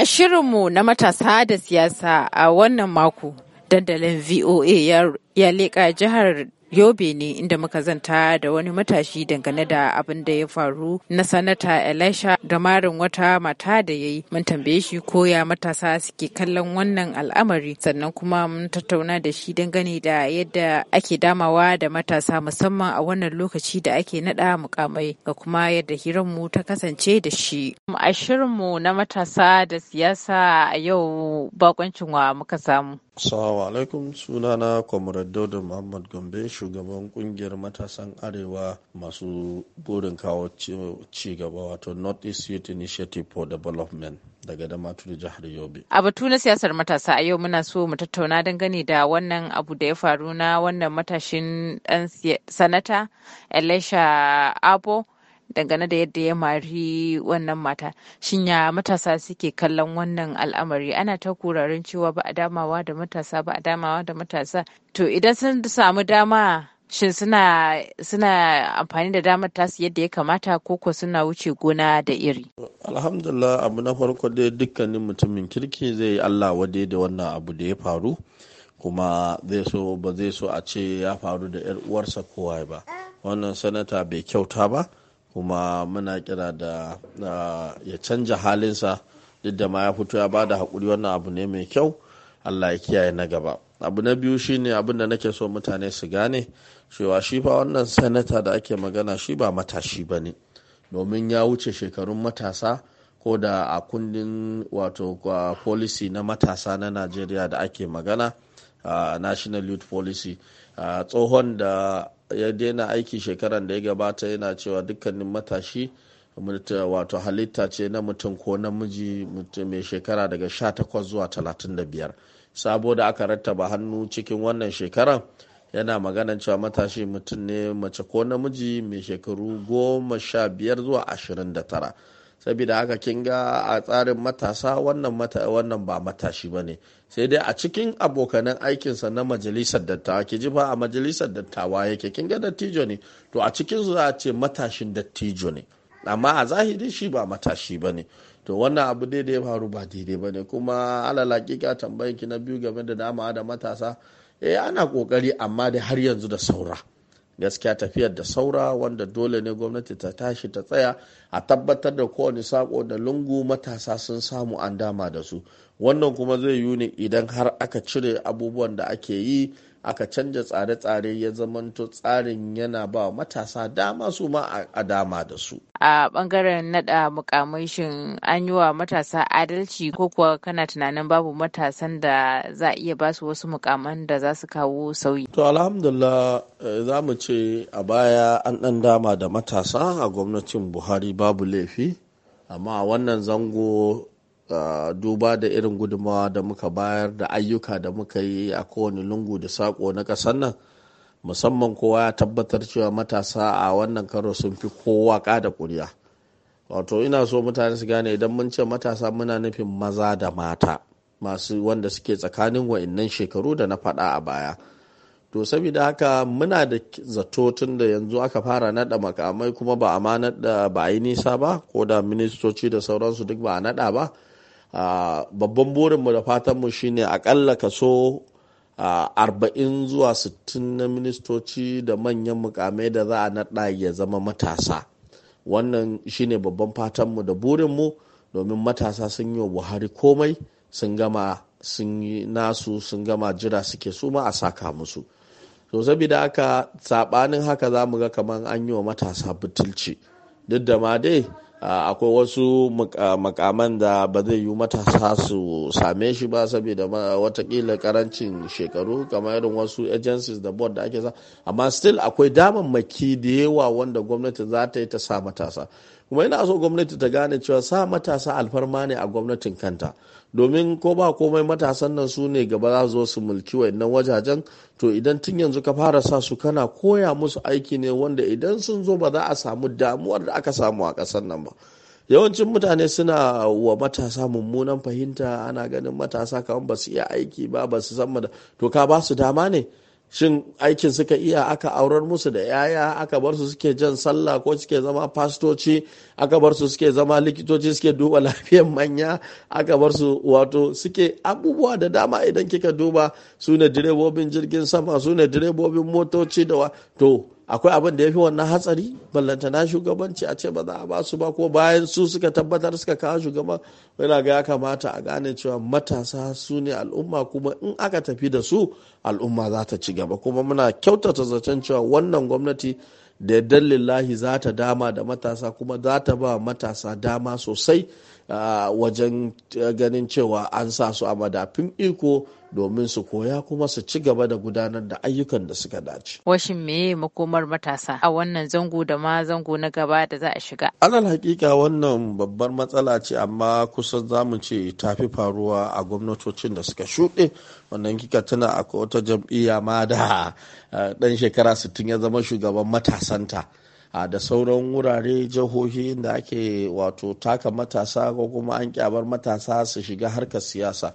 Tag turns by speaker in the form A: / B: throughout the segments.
A: A shirinmu na matasa da siyasa a wannan mako, dandalin VOA ya leƙa jihar Yobe ne inda muka zanta da wani matashi dangane da abin da ya faru na sanata Elisha da marin wata mata da ya yi. Mun tambaye shi koya matasa suke kallon wannan al'amari sannan kuma mun tattauna da shi dangane da yadda ake damawa da matasa musamman a wannan lokaci da ake naɗa mukamai ga kuma yadda hiranmu ta kasance da shi. A shirinmu na matasa da siyasa a yau bakoncin wa muka samu.
B: sawa alaikum sunana Comrade Dodo Muhammad Gombe shugaban kungiyar matasan Arewa masu burin kawo ci gaba wato North East Youth Initiative for Development daga Damaturu jihar Yobe.
A: A batu na siyasar matasa a yau muna so mu tattauna dangane da wannan abu da ya faru na wannan matashin dan sanata Elisha Abo. dangane da yadda ya mari wannan mata shin ya matasa suke kallon wannan al'amari ana ta kurarin cewa ba a damawa da matasa ba a damawa da matasa to idan sun samu dama shin suna amfani da damar tasu yadda ya kamata koko suna wuce gona da iri
B: alhamdulillah abu na farko dai dukkanin mutumin kirki zai allah wade da wannan abu da ya faru kuma zai so ba zai so a ce ya faru da 'yar uwarsa kowa ba wannan sanata bai kyauta ba kuma muna kira da ya canja halinsa duk da ma ya fito ya bada haƙuri wannan abu ne mai kyau allah ya kiyaye na gaba abu na biyu shine abin da nake so mutane su gane cewa shi fa wannan sanata da ake magana shi ba matashi ba ne domin ya wuce shekarun matasa ko da a kundin wato policy na matasa na najeriya da ake magana national youth policy tsohon da ya daina aiki shekaran da ya gabata yana cewa dukkanin matashi wato halitta ce na mutum ko namiji mai shekara daga 18 zuwa 35 sabo da aka rattaba hannu cikin wannan shekaran yana magana cewa matashi mutum ne mace ko namiji mai shekaru 15 zuwa 29 saboda haka kin ga a tsarin matasa wannan wannan ba matashi ba ne sai dai a cikin abokanan aikinsa na majalisar dattawa ki ji ba a majalisar dattawa yake kin ga dattijo ne to a cikin su za a ce matashin dattijo ne amma a zahiri shi ba matashi ba ne to wannan abu dai da ya faru ba daidai ba ne kuma alal hakika tambayanki na biyu game da dama da matasa eh ana kokari amma da har yanzu da saura gaskiya tafiyar da saura wanda dole ne gwamnati ta tashi ta tsaya a tabbatar da kowane sako da lungu matasa sun samu an dama da su wannan kuma zai yi ne idan har aka cire abubuwan da ake yi aka canja tsare-tsare ya zamanto tsarin yana ba matasa dama su ma a dama da su.
A: A bangaren nada mukamai shin an yi wa matasa adalci ko kuwa kana tunanin babu matasan da za a iya basu wasu mukaman da za su kawo
B: sauyi? To alhamdulillah eh, za mu ce a baya an dan dama da matasa a gwamnatin Buhari babu laifi. amma wannan zango duba da irin gudunmawa da muka bayar da ayyuka da muka yi a kowane lungu da sako na ƙasar nan musamman kowa ya tabbatar cewa matasa a wannan karo sun fi kowa ƙada kuriya wato ina so mutane su gane idan mun ce matasa muna nufin maza da mata masu wanda suke tsakanin wa'innan shekaru da na faɗa a baya to saboda haka muna da zato tun da yanzu aka fara naɗa makamai kuma ba a ma ba a yi nisa ba ko da ministoci da sauransu duk ba a nada ba babban burinmu da fatanmu shine akalla kaso arba'in zuwa sittin na ministoci da manyan mukamai da za a naɗa ya zama matasa wannan shine babban fatanmu da burinmu domin matasa sun yi wa buhari komai sun gama sun yi nasu sun gama jira suke su ma a saka musu to saboda haka sabanin haka za mu ga kamar an yi wa matasa butulci duk da ma dai Ah, akwai wasu ah, makaman da ba zai yi matasa su same shi ba saboda watakila karancin shekaru kamar irin wasu agencies da board da ake sa amma still akwai maki da yawa wanda gwamnati za ta yi ta sa matasa kuma ina so gwamnati ta gane cewa sa matasa alfarma ne a gwamnatin kanta domin ko ba komai matasan nan su ne gaba za su zo su mulki wayannan wajajen to idan tun yanzu ka fara sa su kana koya musu aiki ne wanda idan sun zo ba za a samu damuwar da aka samu a ƙasar nan ba yawancin mutane suna wa matasa mummunan fahimta ana ganin matasa kamar ba su iya aiki ba ba su da to ka ba su dama ne shin aikin suka iya aka aurar musu da yaya aka bar su suke jan sallah ko suke zama fastoci aka bar su suke zama likitoci suke duba lafiyar manya aka bar su wato suke abubuwa da dama idan kika duba su ne direbobin jirgin sama su ne direbobin motoci da to akwai abin da ya fi wannan hatsari ballantana shugabanci a ce ba za a ba su ba ko bayan su suka tabbatar suka kawo shugaban yana ga ya kamata a gane cewa matasa su ne al'umma kuma in aka tafi da su al'umma za ta ci gaba kuma muna kyautata zaton cewa wannan gwamnati da ya lillahi za ta dama da matasa kuma za ta ba matasa dama sosai wajen eh, ganin cewa an sa su a madafin iko domin su koya kuma su ci gaba da gudanar da ayyukan da suka dace.
A: Washin meye makomar matasa a wannan zango da ma zango na gaba da za a shiga?
B: Alal hakika wannan babbar matsala ce amma kusan zamu ce ta fi faruwa a gwamnatocin da suka shuɗe wannan kika tuna akwai wata jam'iyya ma da eh, ɗan shekara 60 ya zama shugaban matasanta. a da sauran wurare jihohi da ake wato taka matasa ko kuma an kyabar matasa su shiga harkar siyasa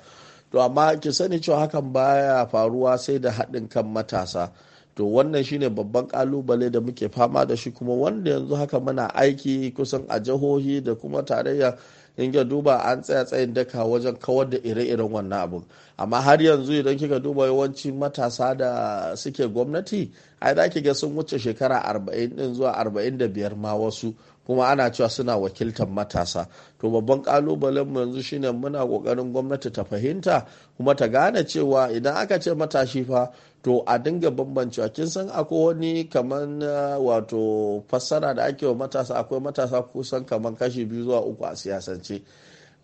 B: to amma ki sani cewa hakan baya faruwa sai da haɗin kan matasa to wannan shine babban kalubale da muke fama da shi kuma wanda yanzu haka muna aiki kusan a jihohi da kuma tarayya in ga duba an tsaya tsayin daka wajen kawar da ire-iren wannan abun amma har yanzu idan kika duba yawanci matasa da suke gwamnati ai da ga sun wuce shekara 40 din zuwa 45 ma wasu kuma ana cewa suna wakiltar matasa to babban kalubalen mu yanzu shine muna kokarin gwamnati ta fahimta kuma ta gane cewa idan aka ce matashi fa to a dinga bambancewa kin san akwai wani kaman eh, wato fassara da ake wa matasa akwai matasa kusan kaman kashi biyu zuwa uku a siyasance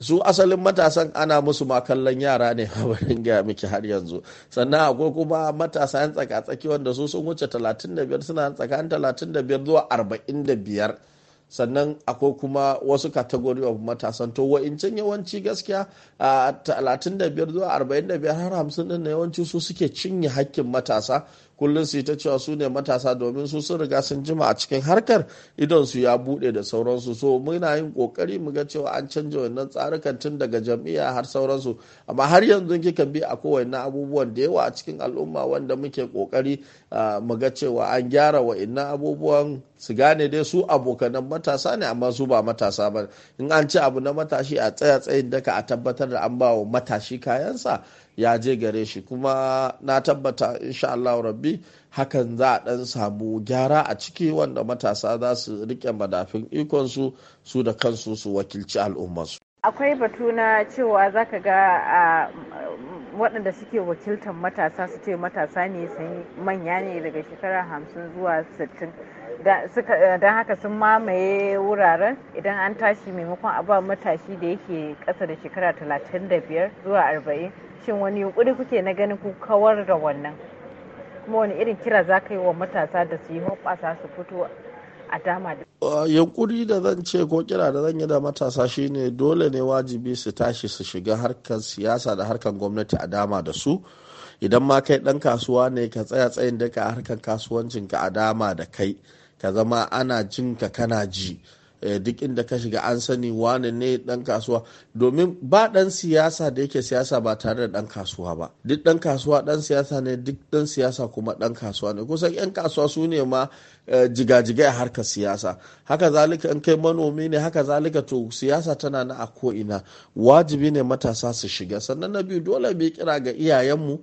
B: su asalin matasan ana musu ma kallon yara ne a wurin ga miki har yanzu sannan akwai kuma matasa yan tsaka-tsaki wanda su sun wuce 35 suna tsakanin 35 zuwa 45 sannan akwai kuma wasu category of matasan to wa'incin yawanci gaskiya a 35 zuwa 45 har 50 din na yawanci su suke cinye hakkin matasa kullum su yi ta cewa su ne matasa domin su sun riga sun jima a cikin harkar idon su ya bude da sauransu so muna yin kokari mu ga cewa an canja wannan tsarukan tun daga jam'iyya har sauransu amma har yanzu kika bi a kowanne abubuwan da yawa a cikin al'umma wanda muke kokari Ah, mu ga cewa an gyara wa inna abubuwan su gane dai su abokanan matasa ne amma su ba matasa ba in an ci abu na matashi a tsaya tsayin daka a tabbatar da an ba wa matashi kayansa ya je gare shi kuma na tabbata insha Allah rabbi hakan za a dan samu gyara a ciki wanda matasa za su rike madafin ikonsu su da kansu su wakilci al'ummarsu
A: akwai batu na cewa za ka ga a waɗanda suke wakiltar matasa su ce matasa ne sun manya ne daga shekara hamsin zuwa sittin don haka sun mamaye wuraren idan an tashi maimakon a ba matashi da yake ƙasa da shekara talatin da biyar zuwa arba'in shin wani yunkuri kuke na ganin ku kawar da wannan kuma wani irin kira za ka yi wa matasa da su yi hoɓasa su fito a dama
B: uh, da zan ce ko kira da zan yi da matasa shine dole ne wajibi su tashi su shiga harkar siyasa da harkar gwamnati a dama da su idan ma kai dan kasuwa ne ka tsaya tsayin daka harkar kasuwancinka a dama da kai ka zama ana jinka kana ji Eh, duk inda ka shiga an sani wane ne dan kasuwa domin ba dan siyasa da yake siyasa ba tare da dan kasuwa ba duk dan kasuwa dan siyasa ne duk dan siyasa kuma dan kasuwa ne kusan yan kasuwa su ne ma eh, jigajigai a harkar siyasa haka zalika in kai manomi ne haka zalika to siyasa tana na a ko'ina wajibi ne matasa su shiga sannan na biyu dole mu kira ga iyayenmu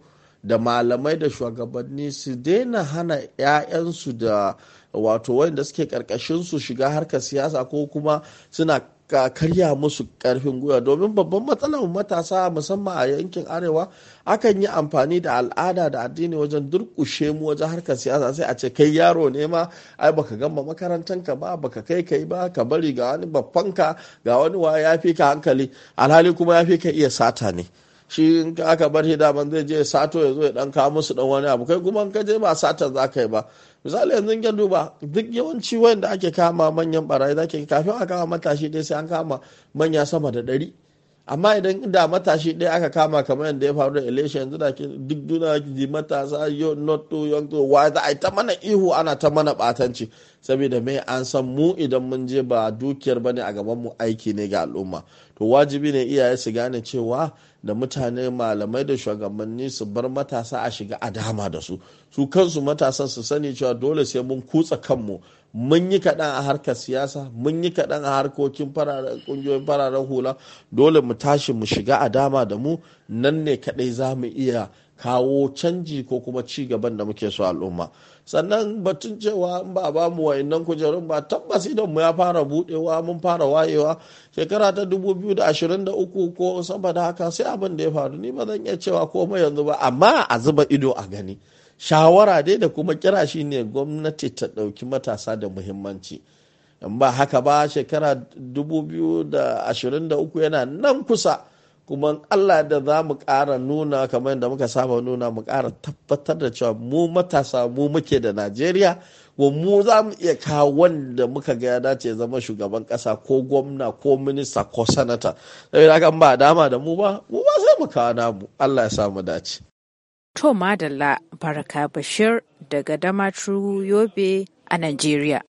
B: da malamai da shugabanni su daina hana 'ya'yansu da wato wanda suke karkashin su shiga harkar siyasa ko kuma suna ka karya musu karfin gwiwa domin babban matsalar matasa musamman a yankin arewa akan yi amfani da al'ada da addini wajen durkushe mu wajen harkar siyasa sai a ce kai yaro ne ma ai baka gama makarantar ka ba baka kai kai ba ka bari ga wani babban ka ga wani wa ya fi ka hankali alhali kuma ya fi ka iya sata ne shi in aka bar shi daman zai je sato ya zo ya dan kawo musu dan wani abu kai kuma ka je ba sata za ka yi ba misali yanzu in duba duk yawanci wayanda ake kama manyan barayi za kafin a kama matashi dai sai an kama manya sama da ɗari amma idan da matashi ɗaya aka kama kamar yadda ya faru da election yanzu da duk duna ji matasa yo not to young to why za a ta mana ihu ana ta mana batanci saboda mai an san mu idan mun je ba dukiyar bane a gaban mu aiki ne ga al'umma to wajibi ne iyaye su gane cewa da mutane malamai da shugabanni su bar matasa a shiga a dama da su su kansu matasan su sani cewa dole sai mun kutsa kanmu mun yi kaɗan a harkar siyasa mun yi kaɗan a harkokin ƙungiyoyin fararen hula dole mu tashi mu shiga a dama da mu nan ne kaɗai za mu iya kawo canji ko kuma ci gaban da muke so al'umma sannan batun cewa in ba ba mu wayannan kujerun ba tabbas idan mu ya fara budewa mun fara wayewa shekara ta 2023 ko saboda haka sai abin da ya faru ni ba zan iya cewa komai yanzu ba amma a zuba ido a gani shawara dai da kuma kira shi ne gwamnati ta ɗauki matasa da muhimmanci in ba haka ba shekara 2023 yana nan kusa kuma Allah da za mu ƙara nuna kamar yadda muka saba nuna mu ƙara tabbatar da cewa mu matasa mu muke da Najeriya wa mu za mu iya kawo wanda muka ga ya dace zama shugaban ƙasa ko gwamna ko minista ko sanata saboda hakan ba dama da mu ba mu ba sai mu kawo namu Allah ya samu dace
A: to madalla baraka bashir daga damaturu yobe a Najeriya